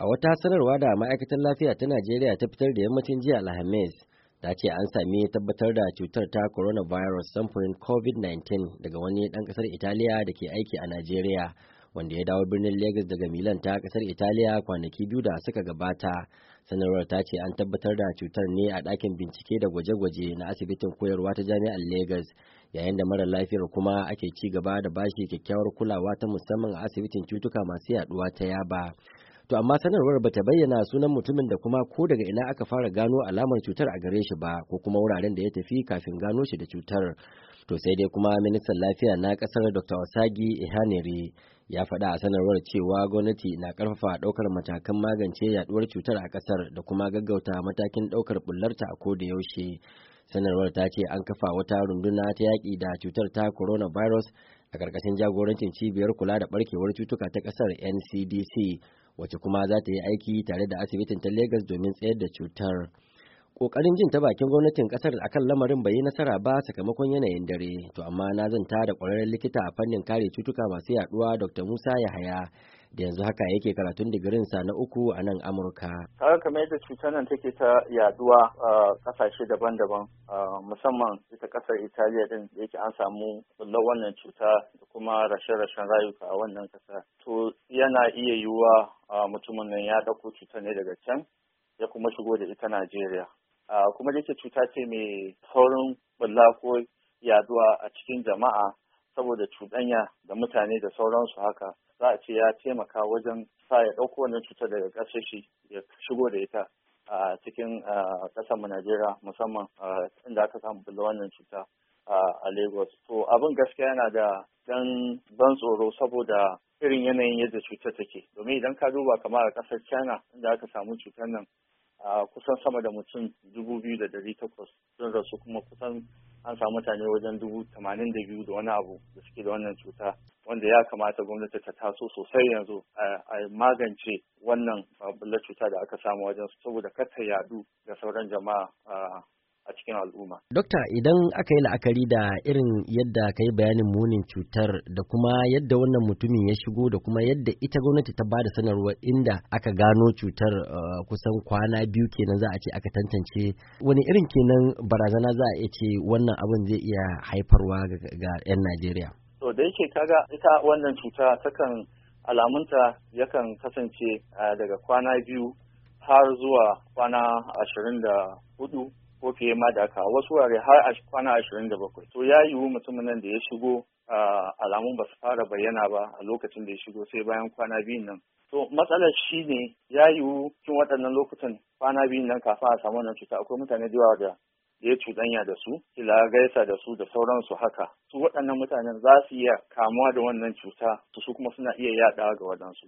A wata sanarwa da ma'aikatar lafiya ta Najeriya ta fitar da yammacin jiya Alhamis, ta ce an sami tabbatar da cutar ta coronavirus samfurin COVID-19 daga wani ɗan ƙasar Italiya da ke aiki a Najeriya, wanda ya dawo birnin Legas daga Milan ta ƙasar Italiya kwanaki biyu da suka gabata. Sanarwar ta ce an tabbatar da cutar ne a ɗakin bincike da gwaje-gwaje na asibitin koyarwa ta jami'ar Legas, yayin da mara lafiyar kuma ake ci gaba da bashi kyakkyawar kulawa ta musamman a asibitin cutuka masu yaduwa ta Yaba. to amma sanarwar bata bayyana sunan mutumin da kuma ko daga ina aka fara gano alamar cutar a gare shi ba ko kuma wuraren da ya tafi kafin gano shi da cutar to sai dai kuma ministan lafiya na kasar dr osagi ihanere ya faɗa a sanarwar cewa gwamnati na ƙarfafa ɗaukar matakan magance yaɗuwar cutar a ƙasar da kuma gaggauta matakin ɗaukar bullarta a ko da yaushe sanarwar ta ce an kafa wata runduna ta yaƙi da cutar ta coronavirus a ƙarƙashin jagorancin cibiyar kula da ɓarkewar cutuka ta ƙasar ncdc wacce kuma za ta yi aiki tare da asibitin ta Legas domin tsayar da cutar Ƙoƙarin jin ta bakin gwamnatin ƙasar akan lamarin bai yi nasara ba sakamakon yanayin dare, to amma na zanta da ƙwararren likita a fannin kare cutuka masu yaduwa Dr. Musa Yahaya da yanzu haka yake karatun digirin sa na uku a nan Amurka. Kaga kamar yadda cutar nan take ta yaduwa a kasashe daban-daban musamman ita kasar Italiya din da yake an samu bullar wannan cuta da kuma rashe-rashen rayuka a wannan kasa To yana iya yiwuwa mutumin nan ya ɗauko cutar ne daga can ya kuma shigo da ita Najeriya. kuma da cuta ce mai saurin bulla ko yaduwa a cikin jama'a saboda cuɗanya da mutane da sauransu haka za a ce ya taimaka wajen sa ya ɗauko wannan cuta daga ƙasar shi ya shigo da ita a cikin mu Najeriya musamman inda aka samu bulla wannan cuta a Lagos. To abin gaskiya yana da ɗan ban tsoro saboda irin yanayin yadda cutar take domin idan ka duba kamar a ƙasar China inda aka samu cutar nan a kusan sama da mutum dubu biyu da dari takwas sun rasu kuma kusan an samu mutane wajen dubu tamanin da biyu da wani abu da suke da wannan cuta wanda ya kamata gwamnati ta taso sosai yanzu a magance wannan babbar cuta da aka samu wajen saboda kar ta yadu ga sauran jama'a a cikin al'umma. Dokta idan aka yi la'akari da irin yadda ka yi bayanin munin cutar da kuma yadda wannan mutumin ya shigo da kuma yadda ita gwamnati ta bada sanarwa inda aka gano cutar uh, kusan kwana biyu kenan za a ce aka tantance wani irin kenan barazana za a iya ce wannan abin zai iya haifarwa ga 'yan Najeriya. To da yake kaga ita wannan cuta takan alamunta yakan kasance uh, daga kwana biyu har zuwa kwana ashirin da hudu fiye ma da aka wasu wurare har a kwana ashirin da bakwai to ya yiwu mutumin nan da ya shigo alamun ba su fara bayyana ba a lokacin da ya shigo sai bayan kwana biyun nan to matsalar shi ne ya yiwu cikin waɗannan lokutan kwana biyun nan kafin a samu wannan cuta akwai mutane da yawa da ya cuɗanya da su kila gaisa da su da sauransu haka su waɗannan mutanen za su iya kamuwa da wannan cuta su kuma suna iya yaɗawa ga waɗansu